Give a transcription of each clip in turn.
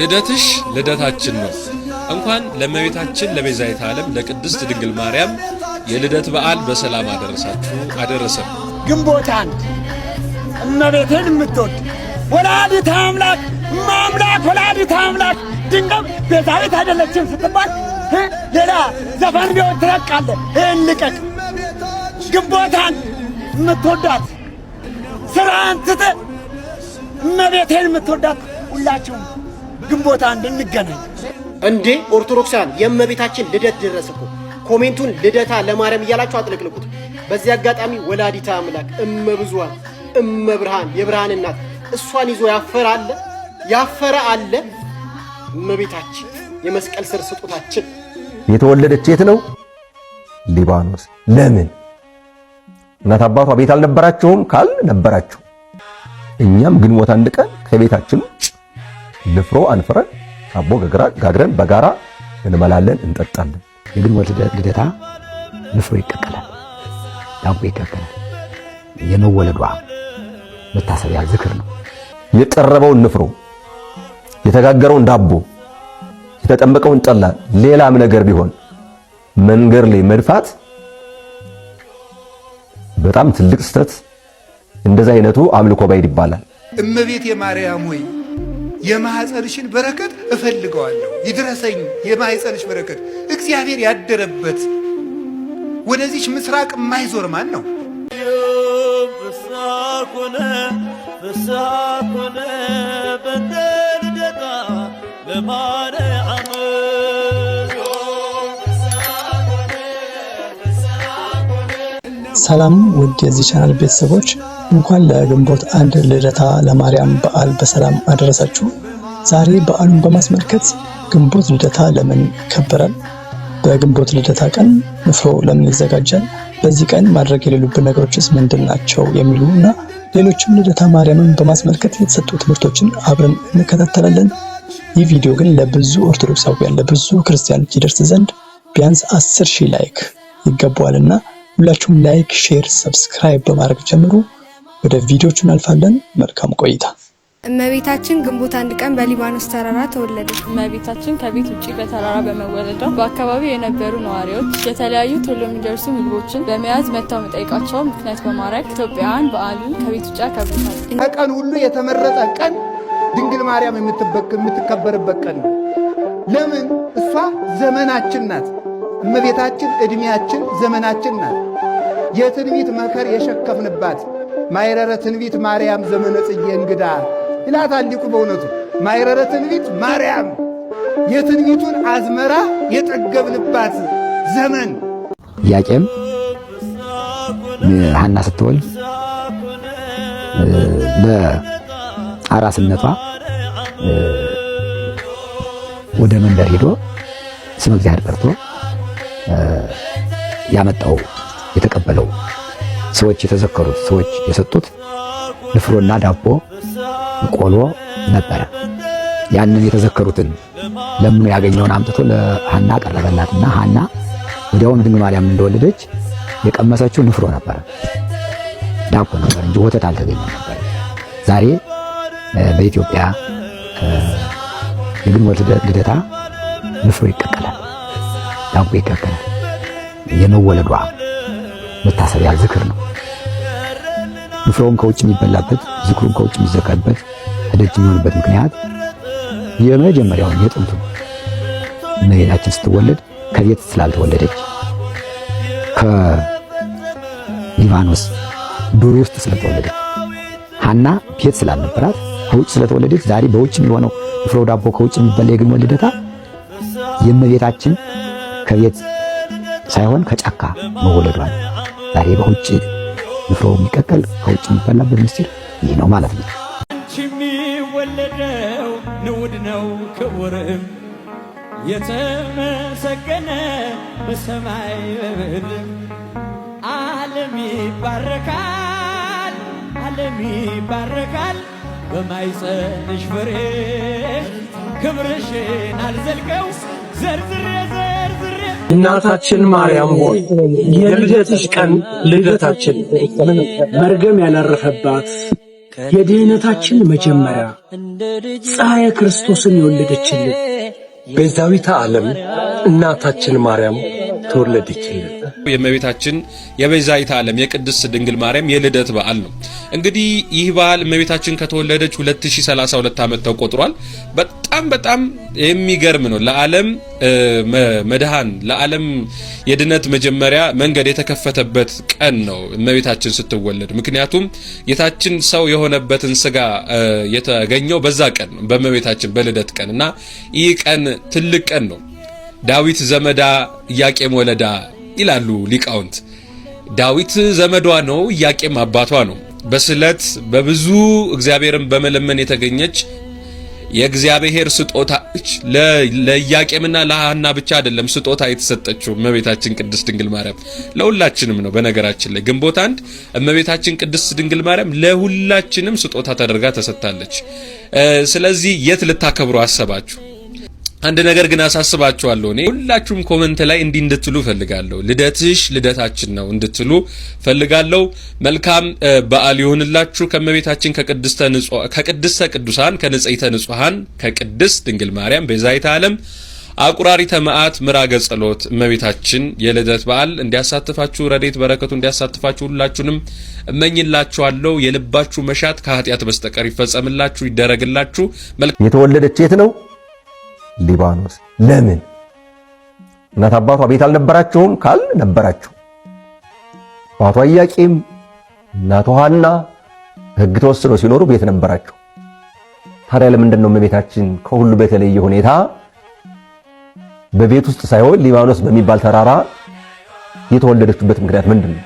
ልደትሽ ልደታችን ነው። እንኳን ለመቤታችን ለቤዛዊተ ዓለም ለቅድስት ድንግል ማርያም የልደት በዓል በሰላም አደረሳችሁ አደረሰን። ግንቦት አንድ እመቤቴን የምትወድ ወላዲተ አምላክ ማምላክ ወላዲተ አምላክ ድንገም ቤዛዊት አይደለችም ስትባል ሌላ ዘፈን ቢሆን ትረቃለ። ይህን ልቀቅ። ግንቦታን የምትወዳት ስራ ትጥ እመቤቴን የምትወዳት ሁላችሁም ግንቦት አንድ እንገናኝ። እንዴ ኦርቶዶክሳን የእመቤታችን ልደት ደረሰ እኮ። ኮሜንቱን ልደታ ለማርያም እያላችሁ አጥለቅልቁት። በዚህ አጋጣሚ ወላዲታ አምላክ እመብዙሃን እመብርሃን የብርሃን እናት እሷን ይዞ ያፈረ አለ ያፈረ አለ። እመቤታችን የመስቀል ስር ስጦታችን የተወለደች የት ነው? ሊባኖስ። ለምን እናት አባቷ ቤት አልነበራቸውም? ካል ነበራቸው። እኛም ግንቦት አንድ ቀን ከቤታችን ንፍሮ አንፍረን ዳቦ ጋግረን በጋራ እንመላለን፣ እንጠጣለን። የግንቦት ልደታ ንፍሮ ይቀቀላል፣ ዳቦ ይቀቀላል። የመወለዷ መታሰቢያ ዝክር ነው። የጠረበውን ንፍሮ፣ የተጋገረውን ዳቦ፣ የተጠመቀውን ጠላ፣ ሌላም ነገር ቢሆን መንገድ ላይ መድፋት በጣም ትልቅ ስህተት። እንደዚህ አይነቱ አምልኮ ባይድ ይባላል። እመቤት የማርያም ሆይ የማህፀንሽን በረከት እፈልገዋለሁ ይድረሰኝ የማኅፀንሽ በረከት። እግዚአብሔር ያደረበት ወደዚች ምስራቅ የማይዞር ማን ነው? ፍስሐ ኮነ ሰላም ውድ የዚህ ቻናል ቤተሰቦች እንኳን ለግንቦት አንድ ልደታ ለማርያም በዓል በሰላም አደረሳችሁ። ዛሬ በዓሉን በማስመልከት ግንቦት ልደታ ለምን ይከበራል? በግንቦት ልደታ ቀን ንፍሮ ለምን ይዘጋጃል? በዚህ ቀን ማድረግ የሌሉብን ነገሮችስ ምንድን ናቸው? የሚሉ እና ሌሎችም ልደታ ማርያምን በማስመልከት የተሰጡ ትምህርቶችን አብረን እንከታተላለን። ይህ ቪዲዮ ግን ለብዙ ኦርቶዶክሳውያን፣ ለብዙ ክርስቲያኖች ይደርስ ዘንድ ቢያንስ አስር ሺህ ላይክ ይገባዋልና ሁላችሁም ላይክ፣ ሼር፣ ሰብስክራይብ በማድረግ ጀምሩ። ወደ ቪዲዮቹ እናልፋለን። መልካም ቆይታ። እመቤታችን ግንቦት አንድ ቀን በሊባኖስ ተራራ ተወለደች። እመቤታችን ከቤት ውጭ በተራራ በመወለዷ በአካባቢው የነበሩ ነዋሪዎች የተለያዩ ቶሎ የሚደርሱ ምግቦችን በመያዝ መጥተው መጠይቃቸው ምክንያት በማድረግ ኢትዮጵያውያን በዓሉን ከቤት ውጭ ያከብሩታል። ከቀን ሁሉ የተመረጠ ቀን ድንግል ማርያም የምትከበርበት ቀን ነው። ለምን? እሷ ዘመናችን ናት። እመቤታችን እድሜያችን ዘመናችን ናት። የትንቢት መከር የሸከፍንባት ማይረረ ትንቢት ማርያም ዘመነ ጽጌ እንግዳ ይላታል ሊቁ። በእውነቱ ማይረረ ትንቢት ማርያም የትንቢቱን አዝመራ የጠገብንባት ዘመን። ያቄም ሐና ስትወልድ በአራስነቷ ወደ መንደር ሄዶ ስመ እግዚአብሔር ጠርቶ ያመጣው የተቀበለው ሰዎች የተዘከሩት ሰዎች የሰጡት ንፍሮና ዳቦ ቆሎ ነበረ። ያንን የተዘከሩትን ለምኑ ያገኘውን አምጥቶ ለሐና ቀረበላትና ሐና ወዲያውም ድንግል ማርያም እንደወለደች የቀመሰችው ንፍሮ ነበረ፣ ዳቦ ነበር እንጂ ወተት አልተገኘም ነበር። ዛሬ በኢትዮጵያ የግንቦት ልደታ ንፍሮ ይቀቀላል፣ ዳቦ ይቀቀላል። የመወለዷ መታሰቢያ ዝክር ነው። ንፍሮውን ከውጭ የሚበላበት ዝክሩም ከውጭ የሚዘጋበት ተደጅ የሚሆንበት ምክንያት የመጀመሪያውን የጥንቱ እመቤታችን ስትወለድ ከቤት ስላልተወለደች ከሊባኖስ ዱር ውስጥ ስለተወለደች ሐና ቤት ስላልነበራት ከውጭ ስለተወለደች ዛሬ በውጭ የሚሆነው ንፍሮ ዳቦ ከውጭ የሚበላ የግንቦት ልደታ የእመቤታችን ከቤት ሳይሆን ከጫካ መወለዷል። ዛሬ በውጭ ንፍሮ የሚቀቀል ከውጭ የሚበላበት ምስጢር ይህ ነው ማለት ነው። አንቺ የሚወለደው ንዑድ ነው ክቡርም የተመሰገነ በሰማይ በምድር ዓለም ይባረካል፣ ዓለም ይባረካል። በማይጸንሽ ፍሬ ክብርሽን አልዘልቀው ዘርዝሬ ዘርዝሬ እናታችን ማርያም ሆይ የልደትሽ ቀን ልደታችን መርገም ያላረፈባት የድህነታችን መጀመሪያ ፀሐየ ክርስቶስን የወለደችልን ቤዛዊተ ዓለም እናታችን ማርያም ተወለደችልን። የእመቤታችን የቤዛዊተ ዓለም የቅድስት ድንግል ማርያም የልደት በዓል ነው። እንግዲህ ይህ በዓል እመቤታችን ከተወለደች 2032 ዓመት ተቆጥሯል። በጣም በጣም የሚገርም ነው። ለዓለም መድሃን ለዓለም የድነት መጀመሪያ መንገድ የተከፈተበት ቀን ነው እመቤታችን ስትወለድ። ምክንያቱም ጌታችን ሰው የሆነበትን ስጋ የተገኘው በዛ ቀን ነው በእመቤታችን በልደት ቀን እና ይህ ቀን ትልቅ ቀን ነው። ዳዊት ዘመዳ ኢያቄም ወለዳ ይላሉ ሊቃውንት። ዳዊት ዘመዷ ነው፣ ኢያቄም አባቷ ነው። በስለት በብዙ እግዚአብሔርን በመለመን የተገኘች የእግዚአብሔር ስጦታ ለኢያቄምና ለሐና ብቻ አይደለም ስጦታ የተሰጠችው እመቤታችን ቅድስት ድንግል ማርያም ለሁላችንም ነው። በነገራችን ላይ ግንቦት አንድ እመቤታችን ቅድስት ድንግል ማርያም ለሁላችንም ስጦታ ተደርጋ ተሰጥታለች። ስለዚህ የት ልታከብሩ አሰባችሁ? አንድ ነገር ግን አሳስባችኋለሁ። እኔ ሁላችሁም ኮመንት ላይ እንዲህ እንድትሉ ፈልጋለሁ። ልደትሽ ልደታችን ነው እንድትሉ ፈልጋለሁ። መልካም በዓል ይሁንላችሁ። ከመቤታችን ከቅድስተ ቅዱሳን ከንጽሕተ ንጹሐን ከቅድስት ድንግል ማርያም ቤዛይተ ዓለም አቁራሪተ መዓት ምራገ ጸሎት እመቤታችን የልደት በዓል እንዲያሳትፋችሁ ረዴት በረከቱ እንዲያሳትፋችሁ ሁላችሁንም እመኝላችኋለሁ። የልባችሁ መሻት ከኃጢአት በስተቀር ይፈጸምላችሁ ይደረግላችሁ። የተወለደች የት ነው? ሊባኖስ ለምን እናት አባቷ ቤት አልነበራቸውም? ካል ነበራቸው። አባቷ ኢያቄም እናቷ ሐና ሕግ ተወስኖ ሲኖሩ ቤት ነበራቸው። ታዲያ ለምንድን ነው እመቤታችን ከሁሉ በተለየ ሁኔታ በቤት ውስጥ ሳይሆን ሊባኖስ በሚባል ተራራ የተወለደችበት ምክንያት ምንድን ነው?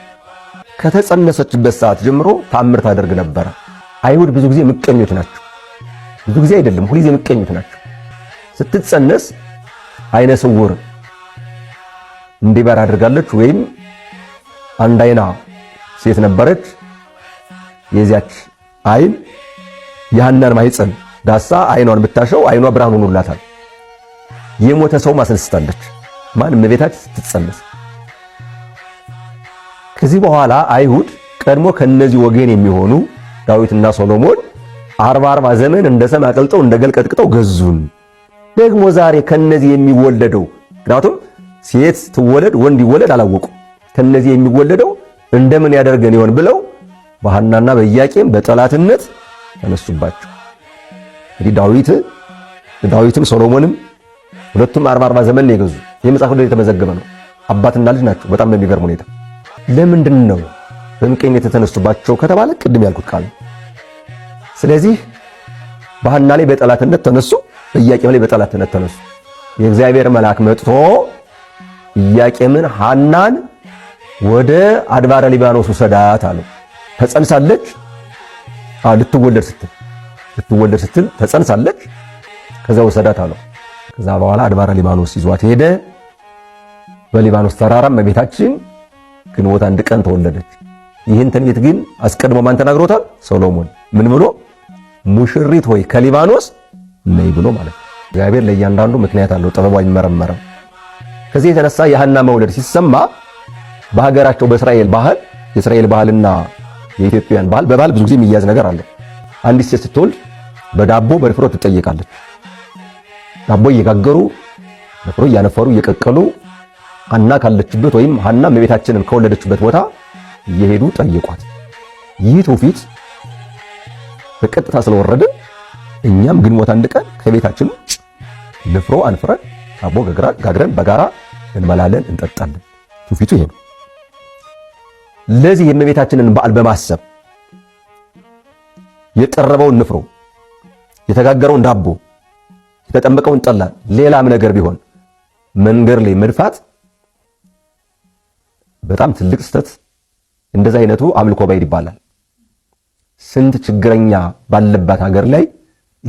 ከተጸነሰችበት ሰዓት ጀምሮ ታምር ታደርግ ነበረ። አይሁድ ብዙ ጊዜ ምቀኞች ናቸው። ብዙ ጊዜ አይደለም፣ ሁልጊዜ ምቀኞች ናቸው። ስትጸነስ አይነ ስውር እንዲበር አድርጋለች። ወይም አንድ አይና ሴት ነበረች። የዚያች አይን የሐናን ማህፀን ዳሳ አይኗን ብታሸው አይኗ ብርሃን ሆኖላታል። የሞተ ሰው ማስነስታለች። ማን እመቤታችን ስትጸነስ። ከዚህ በኋላ አይሁድ ቀድሞ ከነዚህ ወገን የሚሆኑ ዳዊትና ሶሎሞን አርባ አርባ ዘመን እንደ ሰም አቅልጠው እንደ ገል ቀጥቅጠው ገዙን። ደግሞ ዛሬ ከነዚህ የሚወለደው ምክንያቱም ሴት ትወለድ ወንድ ይወለድ አላወቁ። ከነዚህ የሚወለደው እንደምን ያደርገን ይሆን ብለው በሐናና በኢያቄም በጠላትነት ተነሱባቸው። እንግዲህ ዳዊት ዳዊትም ሶሎሞንም ሁለቱም አርባ አርባ ዘመን ነው የገዙ። ይህ መጽሐፍ ላይ የተመዘገበ ነው። አባትና ልጅ ናቸው። በጣም በሚገርም ሁኔታ ለምንድን ነው በምቀኝነት የተነሱባቸው ከተባለ ቅድም ያልኩት ቃል። ስለዚህ በሐና ላይ በጠላትነት ተነሱ። ኢያቄም ላይ በጠላትነት ተነሱ። የእግዚአብሔር መልአክ መጥቶ ኢያቄምን ሐናን ወደ አድባረ ሊባኖስ ውሰዳት አለው። ተጸንሳለች ልትወለድ ስትል ልትወለድ ስትል ተጸንሳለች። ከዛ ውሰዳት አለው። ከዛ በኋላ አድባረ ሊባኖስ ይዟት ሄደ። በሊባኖስ ተራራም እመቤታችን ግንቦት አንድ ቀን ተወለደች። ይህን ትንቢት ግን አስቀድሞ ማን ተናግሮታል? ሰሎሞን ምን ብሎ ሙሽሪት ሆይ ከሊባኖስ ለይ ብሎ ማለት ነው። እግዚአብሔር ለእያንዳንዱ ምክንያት አለው፣ ጥበቡ አይመረመርም። ከዚህ የተነሳ የሐና መውለድ ሲሰማ በሀገራቸው በእስራኤል ባህል የእስራኤል ባህልና የኢትዮጵያን ባህል በባህል ብዙ ጊዜ የሚያዝ ነገር አለ። አንዲት ሴት ስትወልድ በዳቦ በንፍሮ ትጠየቃለች። ዳቦ እየጋገሩ ንፍሮ እያነፈሩ እየቀቀሉ ሐና ካለችበት ወይም ሐና እመቤታችንን ከወለደችበት ቦታ እየሄዱ ጠይቋት። ይህ ትውፊት በቀጥታ ስለወረደ እኛም ግንቦት አንድ ቀን ከቤታችን ውጭ ንፍሮ አንፍረን ገግራ ጋግረን በጋራ እንበላለን፣ እንጠጣለን። ትውፊቱ ይሄ ነው። ለዚህ የእመቤታችንን በዓል በማሰብ የጠረበውን ንፍሮ፣ የተጋገረውን ዳቦ፣ የተጠመቀውን ጠላ፣ ሌላም ነገር ቢሆን መንገድ ላይ መድፋት በጣም ትልቅ ስህተት። እንደዚህ አይነቱ አምልኮ ባይድ ይባላል። ስንት ችግረኛ ባለባት ሀገር ላይ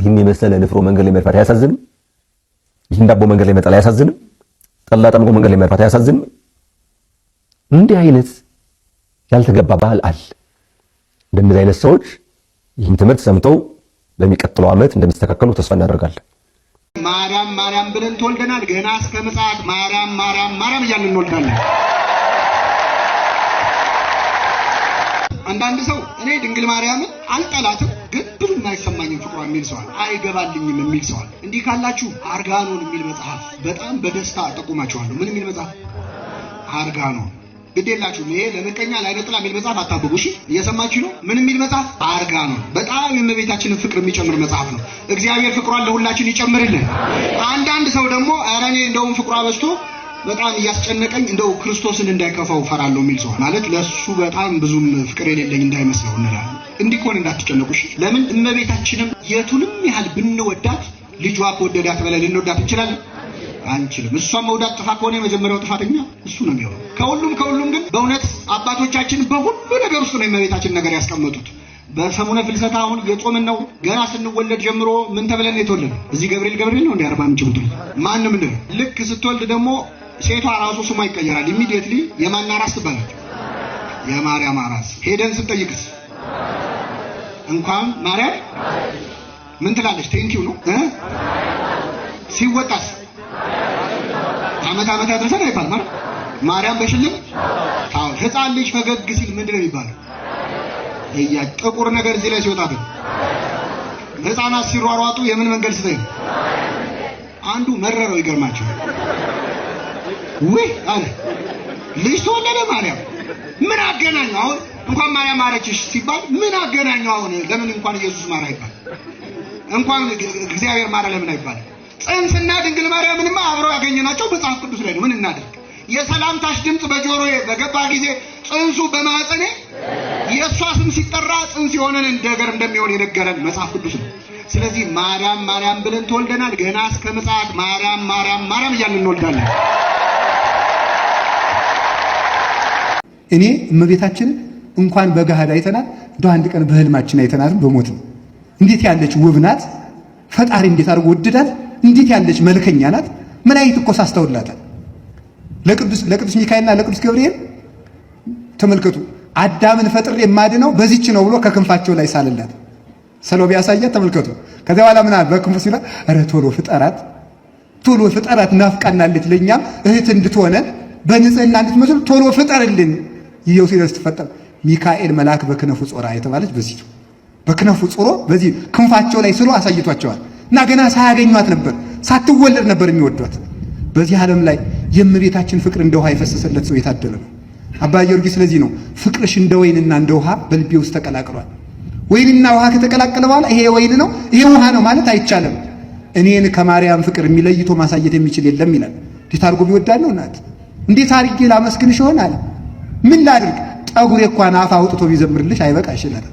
ይህን የመሰለ ንፍሮ መንገድ ላይ መድፋት አያሳዝንም? ይህን ዳቦ መንገድ ላይ መጣል አያሳዝንም? ጠላ ጠምቆ መንገድ ላይ መድፋት አያሳዝንም? እንዲህ አይነት ያልተገባ ባህል አለ። እንደነዚህ አይነት ሰዎች ይህን ትምህርት ሰምተው በሚቀጥለው ዓመት እንደሚስተካከሉ ተስፋ እናደርጋለን። ማርያም ማርያም ብለን ትወልደናል። ገና እስከ ምጽአት ማርያም ማርያም ማርያም እያልን እንወልዳለን። አንዳንድ ሰው እኔ ድንግል ማርያምን አልጠላትም ብዙ የማይሰማኝም ፍቅሯ የሚል ሰዋል፣ አይገባልኝም የሚል ሰዋል። እንዲህ ካላችሁ አርጋኖን የሚል መጽሐፍ በጣም በደስታ ጠቁማችኋለሁ። ምን የሚል መጽሐፍ? አርጋኖን ግዴላችሁ ይሄ ለምቀኛ ላይነጥላ የሚል መጽሐፍ አታብቡ። እሺ እየሰማችሁ ነው። ምን የሚል መጽሐፍ? አርጋኖን በጣም የእመቤታችንን ፍቅር የሚጨምር መጽሐፍ ነው። እግዚአብሔር ፍቅሯን ለሁላችን ይጨምርልን። አንዳንድ ሰው ደግሞ ኧረ እኔ እንደውም ፍቅሯ በዝቶ በጣም እያስጨነቀኝ እንደው ክርስቶስን እንዳይከፋው ፈራለሁ የሚል ሰው ማለት ለእሱ በጣም ብዙም ፍቅር የሌለኝ እንዳይመስለው እንላለን። እንዲኮን እንዳትጨነቁ ለምን እመቤታችንም የቱንም ያህል ብንወዳት ልጇ ከወደዳት በላይ ልንወዳት እንችላለን አንችልም። እሷም መውዳት ጥፋት ከሆነ የመጀመሪያው ጥፋተኛ እሱ ነው የሚሆነው። ከሁሉም ከሁሉም ግን በእውነት አባቶቻችን በሁሉ ነገር ውስጥ ነው የእመቤታችን ነገር ያስቀመጡት። በሰሙነ ፍልሰታ አሁን የጾምን ነው። ገና ስንወለድ ጀምሮ ምን ተብለን የተወለድ እዚህ ገብርኤል ገብርኤል ነው እንዲ አርባ ምንጭ ምትሉት ማንም ልክ ስትወልድ ደግሞ ሴቷ ራሱ ስሟ ይቀየራል። ኢሚዲየትሊ የማና ራስ ትባላለች። የማርያም ራስ ሄደን ስንጠይቅስ እንኳን ማርያም ምን ትላለች? ቴንኪው ነው። ሲወጣስ አመት አመት ያደረሰን አይባል ማለት ማርያም በሽልም ታው ህፃን ልጅ ፈገግ ሲል ምንድን ነው የሚባለው? እያ ጥቁር ነገር እዚህ ላይ ሲወጣ ህፃናት ሲሯሯጡ የምን መንገድ ስታይ አንዱ መረረው ይገርማቸው። ውይ አለ ልጅ ተወለደ ማርያም ምን አገናኘው? አሁን እንኳን ማርያም ማረችሽ ሲባል ምን አገናኘው? አሁን ለምን እንኳን ኢየሱስ ማራ ይባል እንኳን እግዚአብሔር ማራ ለምን አይባል? ጽንስና ድንግል ማርያም ምንማ አብረው ያገኘናቸው መጽሐፍ ቅዱስ ላይ ነው። ምን እናደርግ? የሰላምታሽ ድምፅ በጆሮዬ በገባ ጊዜ ጽንሱ በማጸኔ የእሷ ስም ሲጠራ ጽንስ የሆነን እንደገር እንደሚሆን የነገረን መጽሐፍ ቅዱስ ነው። ስለዚህ ማርያም ማርያም ብለን ተወልደናል። ገና እስከ ምጽአት ማርያም ማርያም ማርያም እያልን እንወልዳለን። እኔ እመቤታችን እንኳን በገሃድ አይተናት እንደ አንድ ቀን በህልማችን አይተናትም በሞት ነው። እንዴት ያለች ውብ ናት! ፈጣሪ እንዴት አድርጎ ወደዳት! እንዴት ያለች መልከኛ ናት! ምን አይነት እኮ ሳስተውላታል። ለቅዱስ ለቅዱስ ሚካኤልና ለቅዱስ ገብርኤል ተመልከቱ፣ አዳምን ፈጥሬ የማድነው በዚች ነው ብሎ ከክንፋቸው ላይ ሳልላት ሰሎ ቢያሳያት ተመልከቱ። ከዚያ በኋላ ምን በክንፉ ሲላ ኧረ ቶሎ ፍጠራት፣ ቶሎ ፍጠራት፣ ናፍቃናለች፣ ለእኛም እህት እንድትሆነን በንጽህና እንድትመስል ቶሎ ፍጠርልን ኢዮሴደስ ተፈጠረ ሚካኤል መልአክ በክነፉ ጾራ የተባለች በዚህ በክነፉ ጾሮ በዚህ ክንፋቸው ላይ ስሎ አሳይቷቸዋል እና ገና ሳያገኟት ነበር ሳትወለድ ነበር የሚወዷት። በዚህ ዓለም ላይ የእመቤታችን ፍቅር እንደ ውሃ የፈሰሰለት ሰው የታደለ ነው። አባ ጊዮርጊስ ስለዚህ ነው ፍቅርሽ እንደ ወይንና እንደ ውሃ በልቤ ውስጥ ተቀላቅሏል። ወይንና ውሃ ከተቀላቀለ በኋላ ይሄ ወይን ነው ይሄ ውሃ ነው ማለት አይቻልም። እኔን ከማርያም ፍቅር የሚለይቶ ማሳየት የሚችል የለም ይላል። እንዴት አድርጎ ቢወዳድ ነው እናት እንዴት አድርጌ ላመስግንሽ ይሆን አለ ምን ላድርግ? ጠጉሬ እንኳን አፍ አውጥቶ ቢዘምርልሽ አይበቃሽ ይላል።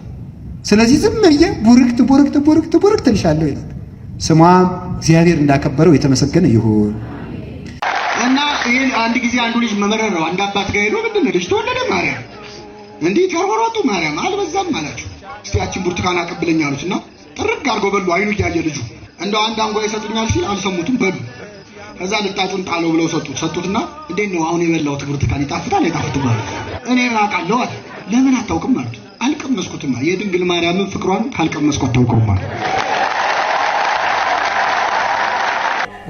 ስለዚህ ዝም ብዬ ቡርክት ቡርክት ቡርክት ቡርክት እልሻለሁ ይላል። ስሟም እግዚአብሔር እንዳከበረው የተመሰገነ ይሁን እና ይህን አንድ ጊዜ አንዱ ልጅ መመረር ነው። አንድ አባት ጋር ሄዶ ምንድን ልጅ ተወለደ ማርያም እንዲህ ተሮሮጡ ማርያም አልበዛም አላቸው። እስቲ ያችን ብርቱካን አቀብለኝ አሉት እና ጥርግ አድርጎ በሉ። አይኑ እያየ ልጁ እንደው አንድ አንጓ ይሰጡኛል ሲል አልሰሙትም በሉ ከዛ ልጣጩን ጣለው ብለው ሰጡት። ሰጡትና እንዴት ነው አሁን የበላሁት ብርቱካን ይጣፍጣል አይጣፍጥም ማለት እኔ አውቃለሁ አለ። ለምን አታውቅም ማለት አልቀመስኩትማ። የድንግል ማርያምን ፍቅሯን ካልቀመስኩ አታውቅም ማለት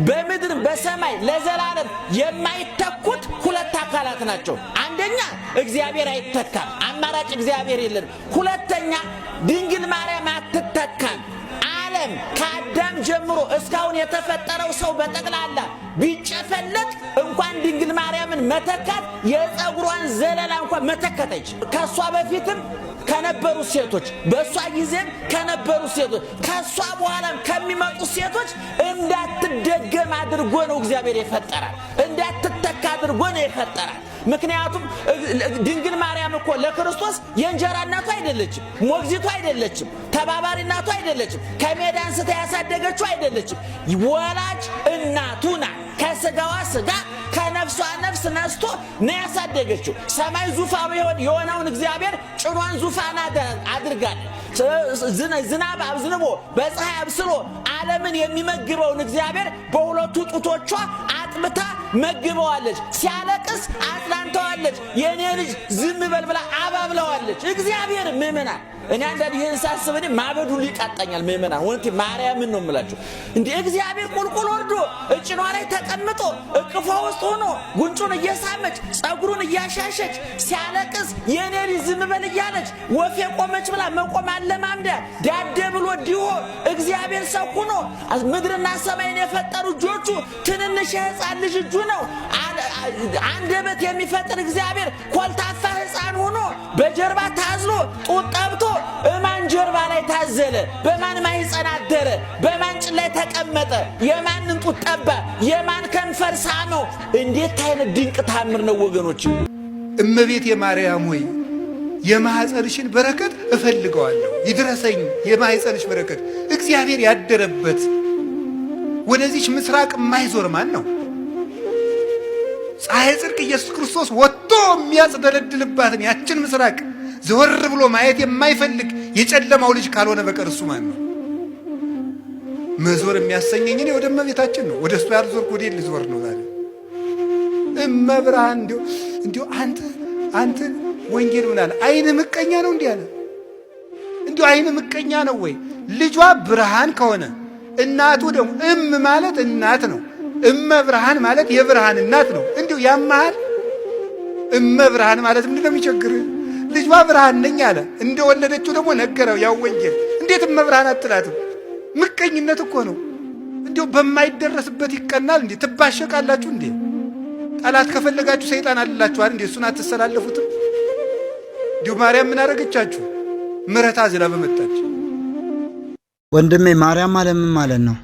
በምድር በሰማይ ለዘላለም የማይተኩት ሁለት አካላት ናቸው። አንደኛ እግዚአብሔር አይተካም፣ አማራጭ እግዚአብሔር የለንም። ሁለተኛ ድንግል ማርያም አትተካም። ዓለም ከአዳም ጀምሮ እስካሁን የተፈጠረው ሰው በጠቅላላ ቢጨፈለት እንኳን ድንግል ማርያምን መተካት የፀጉሯን ዘለላ እንኳን መተከተች። ከእሷ በፊትም ከነበሩ ሴቶች፣ በእሷ ጊዜም ከነበሩ ሴቶች፣ ከእሷ በኋላም ከሚመጡ ሴቶች እንዳትደገም አድርጎ ነው እግዚአብሔር የፈጠራል። እንዳትተካ አድርጎ ነው የፈጠራል። ምክንያቱም ድንግል ማርያም እኮ ለክርስቶስ የእንጀራ እናቱ አይደለችም፣ ሞግዚቱ አይደለችም፣ ተባባሪ እናቱ አይደለችም፣ ከሜዳ አንስታ ያሳደገችው አይደለችም። ወላጅ እናቱ ናት። ከስጋዋ ስጋ ከነፍሷ ነፍስ ነስቶ ነው ያሳደገችው። ሰማይ ዙፋኑ የሆነውን እግዚአብሔር ጭኗን ዙፋን አድርጋል። ዝናብ አብዝንቦ በፀሐይ አብስሎ ዓለምን የሚመግበውን እግዚአብሔር በሁለቱ ጡቶቿ አጥምታ መግበዋለች። ሲያለቅስ አጽናንተዋለች። የእኔ ልጅ ዝም በል ብላ አባብለዋለች። እግዚአብሔር ምምናል እኔ አንዳንድ ይህን ሳስብ እኔ ማበዱ ሊቃጣኛል። ምእመናን ወንቲ ማርያምን ነው የምላቸው። እንደ እግዚአብሔር ቁልቁል ወርዶ እጭኗ ላይ ተቀምጦ እቅፏ ውስጥ ሆኖ ጉንጩን እየሳመች ጸጉሩን እያሻሸች ሲያለቅስ የእኔ ልጅ ዝም በል እያለች ወፍ የቆመች ብላ መቆም አለማምዳ ዳደ ብሎ ዲሆ እግዚአብሔር ሰው ሆኖ ምድርና ሰማይን የፈጠሩ እጆቹ ትንንሽ የህፃን ልጅ እጁ ነው። አንደበት የሚፈጥር እግዚአብሔር ኮልታፋ ህፃን ሆኖ በጀርባ ታዝሎ ጡ አዘለ? በማን ማኅፀን አደረ? በማን ጭን ላይ ተቀመጠ? የማንን ጡት ጠባ? የማን ከንፈር ሳመው? እንዴት አይነት ድንቅ ታምር ነው ወገኖች! እመቤት የማርያም ሆይ የማኅፀንሽን በረከት እፈልገዋለሁ፣ ይድረሰኝ የማህፀንሽ በረከት። እግዚአብሔር ያደረበት ወደዚች ምስራቅ የማይዞር ማን ነው? ፀሐይ ጽድቅ ኢየሱስ ክርስቶስ ወጥቶ የሚያጽደለድልባትን ያችን ምስራቅ ዘወር ብሎ ማየት የማይፈልግ የጨለማው ልጅ ካልሆነ በቀር እሱ ማን ነው? መዞር የሚያሰኘኝ እኔ ወደ እመቤታችን ነው። ወደ እሱ ያልዞርኩ ወደ ልዞር ነው ዛሬ። እመብርሃን እንዲሁ እንዲሁ አንተ አንተ ወንጌል ምናለ አይን ምቀኛ ነው እንዲህ አለ። እንዲሁ አይነ ምቀኛ ነው ወይ ልጇ ብርሃን ከሆነ እናቱ ደግሞ እም ማለት እናት ነው። እመ ብርሃን ማለት የብርሃን እናት ነው። እንዲሁ ያመሃል እመ ብርሃን ማለት ምንድን ነው የሚቸግርህ? ልጇ ብርሃን ነኝ አለ። እንደወለደችው ደግሞ ነገረው። ያው ወንጌል እንዴት መብርሃን አትላትም? ምቀኝነት እኮ ነው። እንዲሁ በማይደረስበት ይቀናል እንዴ? ትባሸቃላችሁ እንዴ? ጠላት ከፈለጋችሁ ሰይጣን አልላችኋል እንዴ? እሱን አትሰላለፉትም? እንዲሁ ማርያም ምን አረገቻችሁ? ምረታ አዝላ በመጣች ወንድሜ ማርያም አለምን ምን ማለት ነው?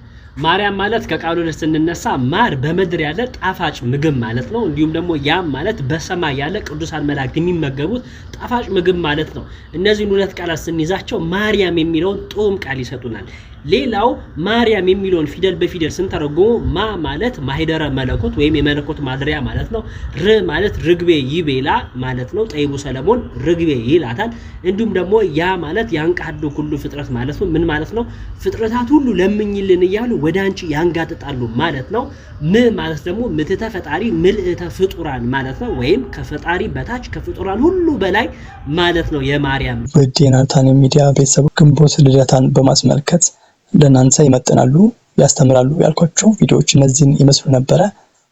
ማርያም ማለት ከቃሉ ስንነሳ ማር በምድር ያለ ጣፋጭ ምግብ ማለት ነው። እንዲሁም ደግሞ ያም ማለት በሰማይ ያለ ቅዱሳን መላእክት የሚመገቡት ጣፋጭ ምግብ ማለት ነው። እነዚህን ሁለት ቃላት ስንይዛቸው ማርያም የሚለውን ጥዑም ቃል ይሰጡናል። ሌላው ማርያም የሚለውን ፊደል በፊደል ስንተረጉሙ ማ ማለት ማህደረ መለኮት ወይም የመለኮት ማደሪያ ማለት ነው። ር ማለት ርግቤ ይቤላ ማለት ነው። ጠይቡ ሰለሞን ርግቤ ይላታል። እንዲሁም ደግሞ ያ ማለት ያንቃዱ ሁሉ ፍጥረት ማለት ነው። ምን ማለት ነው? ፍጥረታት ሁሉ ለምኝልን እያሉ ወደ አንቺ ያንጋጥጣሉ ማለት ነው። ም ማለት ደግሞ ምትተ ፈጣሪ ምልእተ ፍጡራን ማለት ነው። ወይም ከፈጣሪ በታች ከፍጡራን ሁሉ በላይ ማለት ነው። የማርያም ውድ የናታን ሚዲያ ቤተሰቡ ግንቦት ልደታን በማስመልከት ለእናንተ ይመጥናሉ ያስተምራሉ ያልኳቸው ቪዲዮዎች እነዚህን ይመስሉ ነበረ።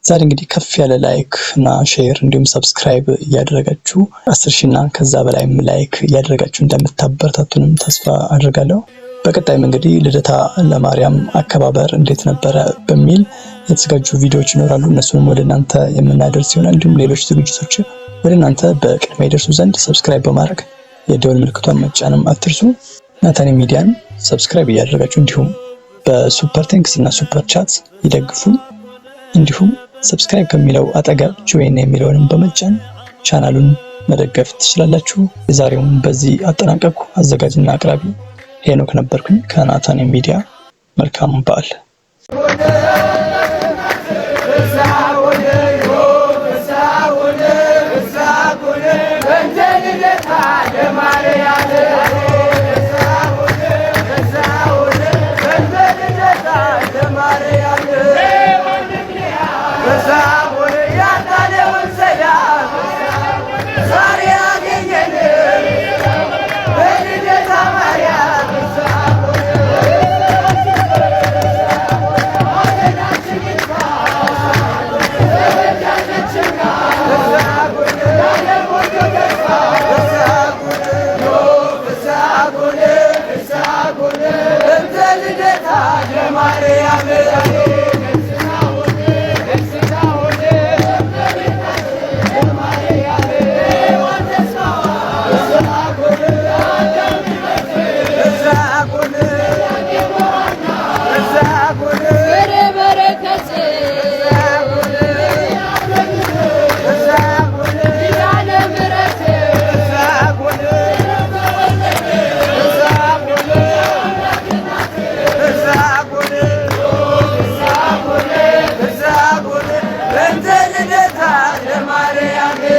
ዛሬ እንግዲህ ከፍ ያለ ላይክ እና ሼር እንዲሁም ሰብስክራይብ እያደረጋችሁ አስር ሺ እና ከዛ በላይም ላይክ እያደረጋችሁ እንደምታበረታቱንም ተስፋ አድርጋለሁ። በቀጣይም እንግዲህ ልደታ ለማርያም አከባበር እንዴት ነበረ በሚል የተዘጋጁ ቪዲዮዎች ይኖራሉ። እነሱንም ወደ እናንተ የምናደርስ ይሆናል። እንዲሁም ሌሎች ዝግጅቶች ወደ እናንተ በቅድሚያ ይደርሱ ዘንድ ሰብስክራይብ በማድረግ የደወል ምልክቷን መጫንም አትርሱ። ናታኒ ሚዲያን ሰብስክራይብ እያደረጋችሁ እንዲሁም በሱፐር ቴንክስ እና ሱፐር ቻት ይደግፉ። እንዲሁም ሰብስክራይብ ከሚለው አጠገብ ጆይን የሚለውንም በመጫን ቻናሉን መደገፍ ትችላላችሁ። የዛሬውን በዚህ አጠናቀቅኩ። አዘጋጅና አቅራቢ ሄኖክ ነበርኩኝ ከናታኒ ሚዲያ። መልካም በዓል Amen.